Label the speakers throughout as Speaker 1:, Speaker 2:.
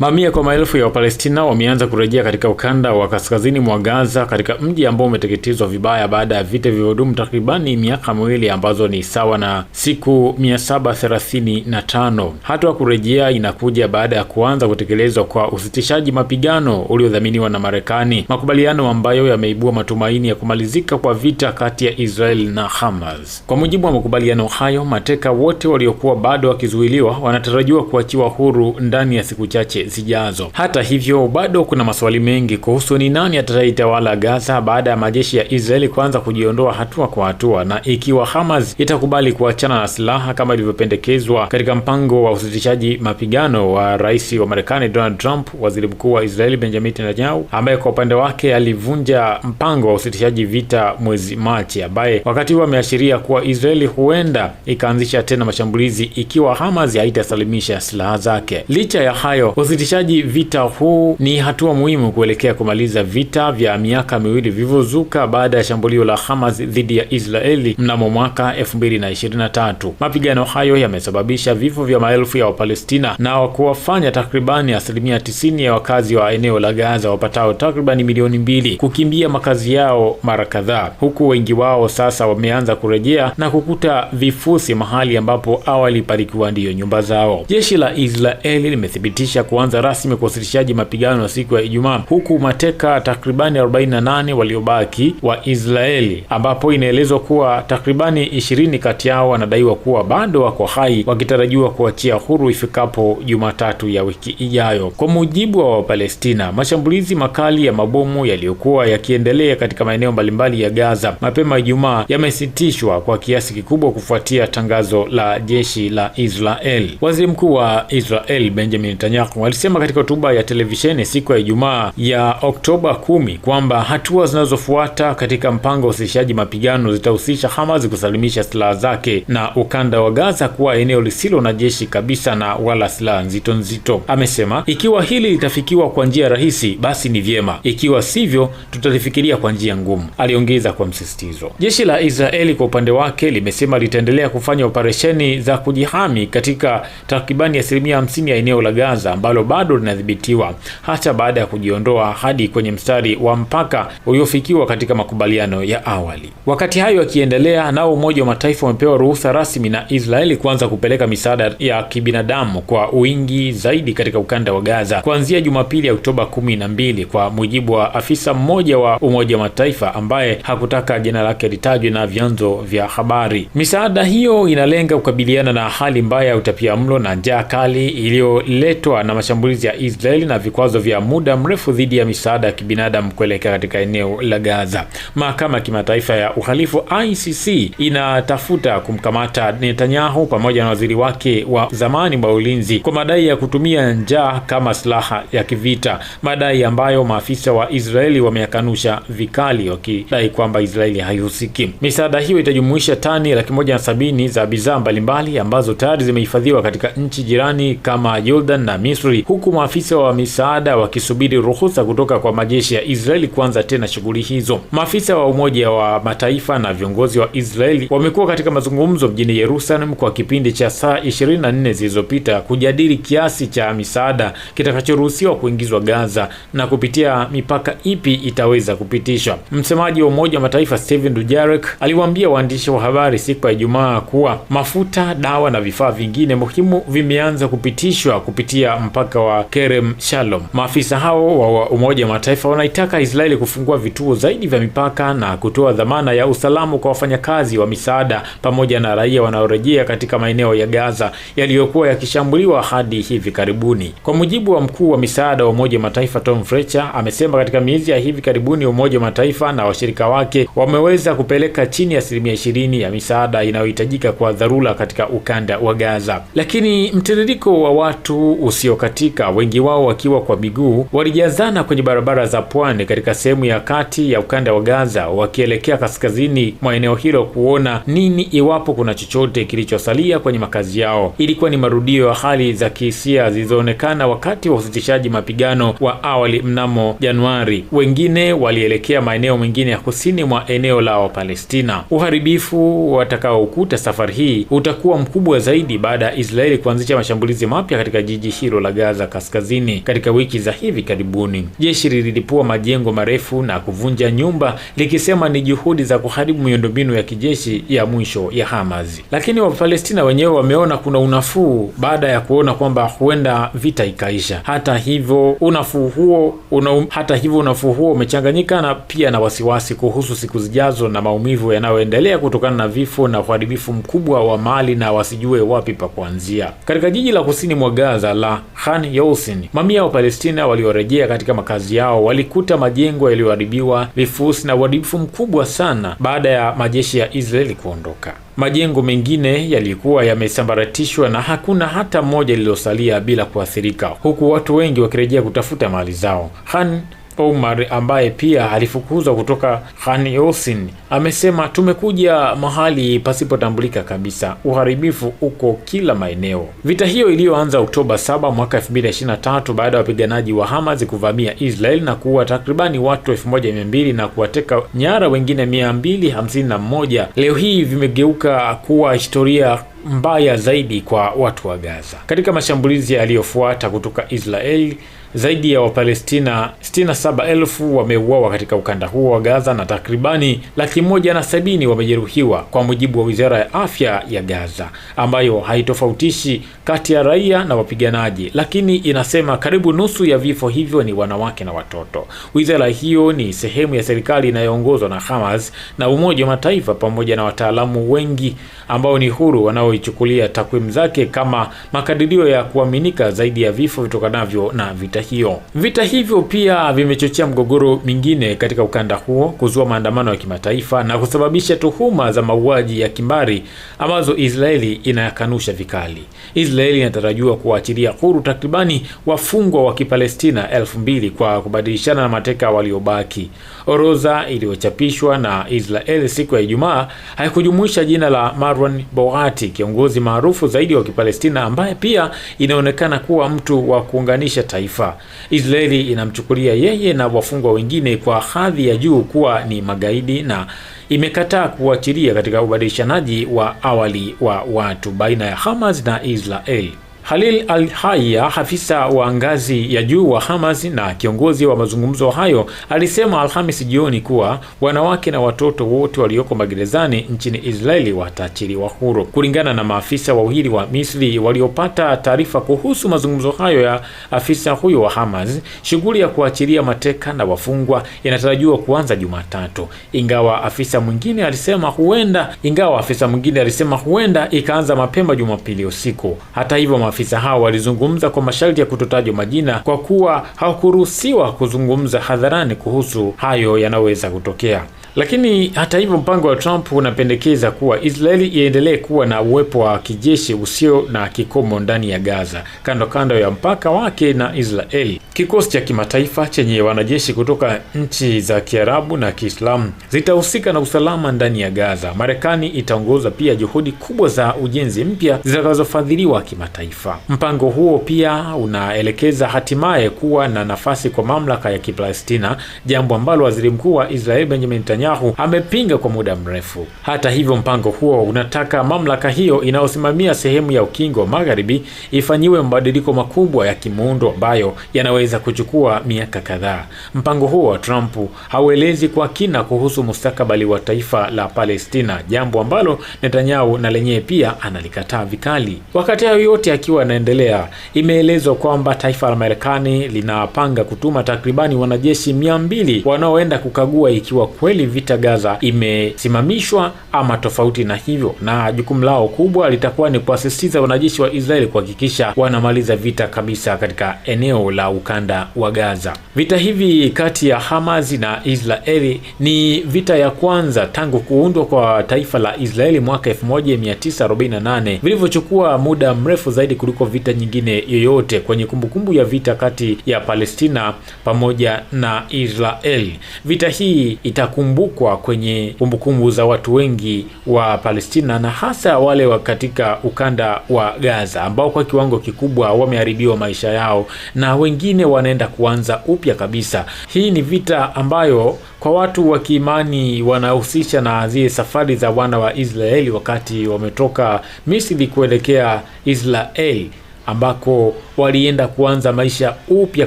Speaker 1: Mamia kwa maelfu ya Wapalestina wameanza kurejea katika ukanda wa kaskazini mwa Gaza, katika mji ambao umeteketezwa vibaya baada ya vita vilivyodumu takribani miaka miwili ambazo ni sawa na siku 735. Hatua kurejea inakuja baada ya kuanza kutekelezwa kwa usitishaji mapigano uliodhaminiwa na Marekani, makubaliano ambayo yameibua matumaini ya kumalizika kwa vita kati ya Israel na Hamas. Kwa mujibu wa makubaliano hayo, mateka wote waliokuwa bado wakizuiliwa wanatarajiwa kuachiwa huru ndani ya siku chache zijazo. Hata hivyo, bado kuna maswali mengi kuhusu ni nani atatawala Gaza baada ya majeshi ya Israeli kuanza kujiondoa hatua kwa hatua na ikiwa Hamas itakubali kuachana na silaha kama ilivyopendekezwa katika mpango wa usitishaji mapigano wa rais wa Marekani Donald Trump, waziri mkuu wa Israeli Benjamin Netanyahu ambaye kwa upande wake alivunja mpango wa usitishaji vita mwezi Machi, ambaye wakati huo ameashiria kuwa Israeli huenda ikaanzisha tena mashambulizi ikiwa Hamas haitasalimisha silaha zake. Licha ya hayo Usitishaji vita huu ni hatua muhimu kuelekea kumaliza vita vya miaka miwili vilivyozuka baada ya shambulio la Hamas dhidi ya Israeli mnamo mwaka 2023. Mapigano hayo yamesababisha vifo vya maelfu ya Wapalestina na kuwafanya takribani asilimia 90 ya wakazi wa eneo la Gaza wapatao takribani milioni mbili kukimbia makazi yao mara kadhaa, huku wengi wao sasa wameanza kurejea na kukuta vifusi mahali ambapo awali palikuwa ndiyo nyumba zao. Jeshi la Israeli limethibitisha kuanza kuanza rasmi kwa usitishaji mapigano ya siku ya Ijumaa, huku mateka takribani 48 waliobaki wa Israeli, ambapo inaelezwa kuwa takribani 20 kati yao wanadaiwa kuwa bado wako hai, wakitarajiwa kuachia huru ifikapo Jumatatu ya wiki ijayo. Kwa mujibu wa Wapalestina, mashambulizi makali ya mabomu yaliyokuwa yakiendelea katika maeneo mbalimbali ya Gaza mapema Ijumaa yamesitishwa kwa kiasi kikubwa kufuatia tangazo la jeshi la Israel. Waziri Mkuu wa Israel Benjamin Netanyahu alisema katika hotuba ya televisheni siku ya Ijumaa ya Oktoba 10 kwamba hatua zinazofuata katika mpango wa usitishaji mapigano zitahusisha Hamas kusalimisha silaha zake na ukanda wa Gaza kuwa eneo lisilo na jeshi kabisa na wala silaha nzito nzito. Amesema ikiwa hili litafikiwa kwa njia rahisi, basi ni vyema; ikiwa sivyo, tutalifikiria kwa njia ngumu, aliongeza kwa msisitizo. Jeshi la Israeli kwa upande wake limesema litaendelea kufanya operesheni za kujihami katika takribani asilimia hamsini ya eneo la Gaza ambalo bado linadhibitiwa hata baada ya kujiondoa hadi kwenye mstari wa mpaka uliofikiwa katika makubaliano ya awali. Wakati hayo akiendelea nao Umoja wa Mataifa umepewa ruhusa rasmi na Israeli kuanza kupeleka misaada ya kibinadamu kwa wingi zaidi katika ukanda wa Gaza kuanzia Jumapili ya Oktoba kumi na mbili, kwa mujibu wa afisa mmoja wa Umoja wa Mataifa ambaye hakutaka jina lake litajwe na vyanzo vya habari. Misaada hiyo inalenga kukabiliana na hali mbaya ya utapiamlo na njaa kali iliyoletwa na mashambulizi ya Israeli na vikwazo vya muda mrefu dhidi ya misaada ya kibinadamu kuelekea katika eneo la Gaza. Mahakama ya kimataifa ya uhalifu ICC inatafuta kumkamata Netanyahu pamoja na waziri wake wa zamani wa ulinzi kwa madai ya kutumia njaa kama silaha ya kivita, madai ambayo maafisa wa Israeli wameyakanusha vikali, wakidai kwamba Israeli haihusiki. Misaada hiyo itajumuisha tani laki moja na sabini za bidhaa mbalimbali ambazo tayari zimehifadhiwa katika nchi jirani kama Jordan na Misri Misri, huku maafisa wa misaada wakisubiri ruhusa kutoka kwa majeshi ya Israeli kuanza tena shughuli hizo. Maafisa wa Umoja wa Mataifa na viongozi wa Israeli wamekuwa katika mazungumzo mjini Yerusalemu kwa kipindi cha saa 24 zilizopita kujadili kiasi cha misaada kitakachoruhusiwa kuingizwa Gaza na kupitia mipaka ipi itaweza kupitishwa. Msemaji wa Umoja wa Mataifa Steven dujarek aliwaambia waandishi wa habari siku ya Ijumaa kuwa mafuta, dawa na vifaa vingine muhimu vimeanza kupitishwa kupitia mpaka mpaka wa Kerem Shalom. Maafisa hao wa Umoja wa Mataifa wanaitaka Israeli kufungua vituo zaidi vya mipaka na kutoa dhamana ya usalama kwa wafanyakazi wa misaada pamoja na raia wanaorejea katika maeneo ya Gaza yaliyokuwa yakishambuliwa hadi hivi karibuni. Kwa mujibu wa mkuu wa misaada wa Umoja wa Mataifa Tom Fletcher, amesema katika miezi ya hivi karibuni Umoja wa Mataifa na washirika wake wameweza kupeleka chini ya asilimia ishirini ya misaada inayohitajika kwa dharura katika ukanda wa Gaza, lakini mtiririko wa watu usio katika, wengi wao wakiwa kwa miguu, walijazana kwenye barabara za pwani katika sehemu ya kati ya ukanda wa Gaza wakielekea kaskazini mwa eneo hilo kuona nini iwapo kuna chochote kilichosalia kwenye makazi yao. Ilikuwa ni marudio ya hali za kihisia zilizoonekana wakati wa usitishaji mapigano wa awali mnamo Januari. Wengine walielekea maeneo mengine ya kusini mwa eneo la Wapalestina. Uharibifu watakaoukuta safari hii utakuwa mkubwa zaidi baada ya Israeli kuanzisha mashambulizi mapya katika jiji hilo la Gaza. Korea za Kaskazini katika wiki za hivi karibuni. Jeshi lililipua majengo marefu na kuvunja nyumba likisema ni juhudi za kuharibu miundombinu ya kijeshi ya mwisho ya Hamas. Lakini Wapalestina wenyewe wameona kuna unafuu baada ya kuona kwamba huenda vita ikaisha. Hata hivyo unafuu huo una, hata hivyo unafuu huo umechanganyika na pia na wasiwasi kuhusu siku zijazo na maumivu yanayoendelea kutokana na vifo na uharibifu mkubwa wa mali na wasijue wapi pa kuanzia. Katika jiji la kusini mwa Gaza la Khan Youssen. Mamia wa Palestina waliorejea katika makazi yao walikuta majengo yaliyoharibiwa, vifusi na uharibifu mkubwa sana baada ya majeshi ya Israeli kuondoka. Majengo mengine yalikuwa yamesambaratishwa na hakuna hata moja lililosalia bila kuathirika, huku watu wengi wakirejea kutafuta mali zao. Han Omar ambaye pia alifukuzwa kutoka Khan Younis amesema tumekuja mahali pasipotambulika kabisa, uharibifu uko kila maeneo. Vita hiyo iliyoanza Oktoba 7 mwaka 2023 baada ya wapiganaji wa Hamas kuvamia Israel na kuua takribani watu 1200 na kuwateka nyara wengine 251 leo hii vimegeuka kuwa historia mbaya zaidi kwa watu wa Gaza. Katika mashambulizi yaliyofuata kutoka Israel zaidi ya Wapalestina 67 wameuawa katika ukanda huo wa Gaza na takribani laki moja na sabini wamejeruhiwa, kwa mujibu wa Wizara ya Afya ya Gaza ambayo haitofautishi kati ya raia na wapiganaji, lakini inasema karibu nusu ya vifo hivyo ni wanawake na watoto. Wizara hiyo ni sehemu ya serikali inayoongozwa na Hamas na Umoja wa Mataifa pamoja na wataalamu wengi ambao ni huru wanaoichukulia takwimu zake kama makadirio ya kuaminika zaidi ya vifo vitokanavyo na vita vita hiyo. Vita hivyo pia vimechochea mgogoro mingine katika ukanda huo, kuzua maandamano ya kimataifa na kusababisha tuhuma za mauaji ya kimbari ambazo Israeli inayakanusha vikali. Israeli inatarajiwa kuwaachilia huru takribani wafungwa wa Kipalestina elfu mbili kwa kubadilishana na mateka waliobaki. Orodha iliyochapishwa na Israeli siku ya Ijumaa haikujumuisha jina la Marwan Bouati, kiongozi maarufu zaidi wa Kipalestina ambaye pia inaonekana kuwa mtu wa kuunganisha taifa kimataifa. Israeli inamchukulia yeye na wafungwa wengine kwa hadhi ya juu kuwa ni magaidi na imekataa kuachilia katika ubadilishanaji wa awali wa watu baina ya Hamas na Israel. Halil al-Haya, afisa wa ngazi ya juu wa Hamas na kiongozi wa mazungumzo hayo, alisema Alhamisi jioni kuwa wanawake na watoto wote walioko magerezani nchini Israeli wataachiliwa huru, kulingana na maafisa wawili wa Misri waliopata taarifa kuhusu mazungumzo hayo ya afisa huyo wa Hamas. Shughuli ya kuachilia mateka na wafungwa inatarajiwa kuanza Jumatatu, ingawa afisa mwingine alisema huenda ingawa afisa mwingine alisema huenda ikaanza mapema Jumapili usiku. Hata hivyo Maafisa hao walizungumza kwa masharti ya kutotajwa majina kwa kuwa hawakuruhusiwa kuzungumza hadharani kuhusu hayo yanayoweza kutokea. Lakini hata hivyo, mpango wa Trump unapendekeza kuwa Israeli iendelee kuwa na uwepo wa kijeshi usio na kikomo ndani ya Gaza, kando kando ya mpaka wake na Israeli. Kikosi cha kimataifa chenye wanajeshi kutoka nchi za Kiarabu na Kiislamu zitahusika na usalama ndani ya Gaza. Marekani itaongoza pia juhudi kubwa za ujenzi mpya zitakazofadhiliwa kimataifa. Mpango huo pia unaelekeza hatimaye kuwa na nafasi kwa mamlaka ya Kipalestina, jambo ambalo waziri mkuu wa Israel Benjamin Netanyahu amepinga kwa muda mrefu. Hata hivyo, mpango huo unataka mamlaka hiyo inayosimamia sehemu ya ukingo wa magharibi ifanyiwe mabadiliko makubwa ya kimuundo ambayo yanaweza unaweza kuchukua miaka kadhaa. Mpango huo wa Trump hauelezi kwa kina kuhusu mustakabali wa taifa la Palestina, jambo ambalo Netanyahu na lenyewe pia analikataa vikali. Wakati hayo yote akiwa anaendelea, imeelezwa kwamba taifa la Marekani linapanga kutuma takribani wanajeshi mia mbili wanaoenda kukagua ikiwa kweli vita Gaza imesimamishwa ama tofauti na hivyo, na jukumu lao kubwa litakuwa ni kuwasistiza wanajeshi wa Israeli kuhakikisha wanamaliza vita kabisa katika eneo la ukanda ukanda wa Gaza. Vita hivi kati ya Hamas na Israeli ni vita ya kwanza tangu kuundwa kwa taifa la Israeli mwaka 1948 vilivyochukua muda mrefu zaidi kuliko vita nyingine yoyote kwenye kumbukumbu ya vita kati ya Palestina pamoja na Israeli. Vita hii itakumbukwa kwenye kumbukumbu za watu wengi wa Palestina na hasa wale wa katika ukanda wa Gaza ambao kwa kiwango kikubwa wameharibiwa maisha yao na wengine wanaenda kuanza upya kabisa. Hii ni vita ambayo kwa watu wa kiimani wanahusisha na zile safari za wana wa Israeli wakati wametoka Misri kuelekea Israeli ambako walienda kuanza maisha upya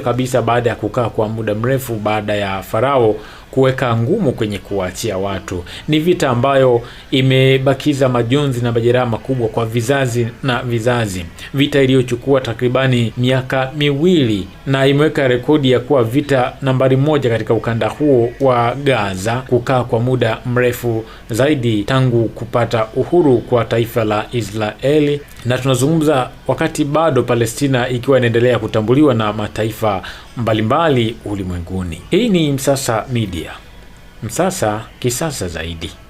Speaker 1: kabisa baada ya kukaa kwa muda mrefu baada ya Farao kuweka ngumu kwenye kuwaachia watu. Ni vita ambayo imebakiza majonzi na majeraha makubwa kwa vizazi na vizazi, vita iliyochukua takribani miaka miwili na imeweka rekodi ya kuwa vita nambari moja katika ukanda huo wa Gaza kukaa kwa muda mrefu zaidi tangu kupata uhuru kwa taifa la Israeli, na tunazungumza wakati bado Palestina ikiwa inaendelea kutambuliwa na mataifa mbalimbali ulimwenguni. Hii ni Msasa Media, Msasa kisasa zaidi.